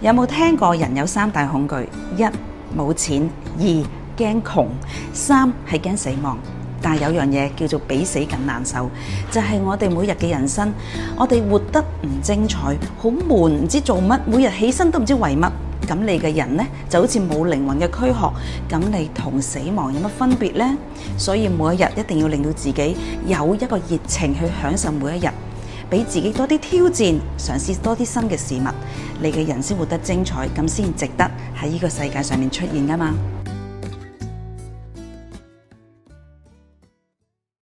有冇聽過人有三大恐懼？一冇錢，二驚窮，三係驚死亡。但係有樣嘢叫做比死更難受，就係、是、我哋每日嘅人生，我哋活得唔精彩，好悶，唔知做乜，每日起身都唔知為乜。咁你嘅人呢，就好似冇靈魂嘅軀殼。咁你同死亡有乜分別呢？所以每一日一定要令到自己有一個熱情去享受每一日。俾自己多啲挑戰，嘗試多啲新嘅事物，你嘅人生活得精彩，咁先值得喺呢個世界上面出現㗎嘛。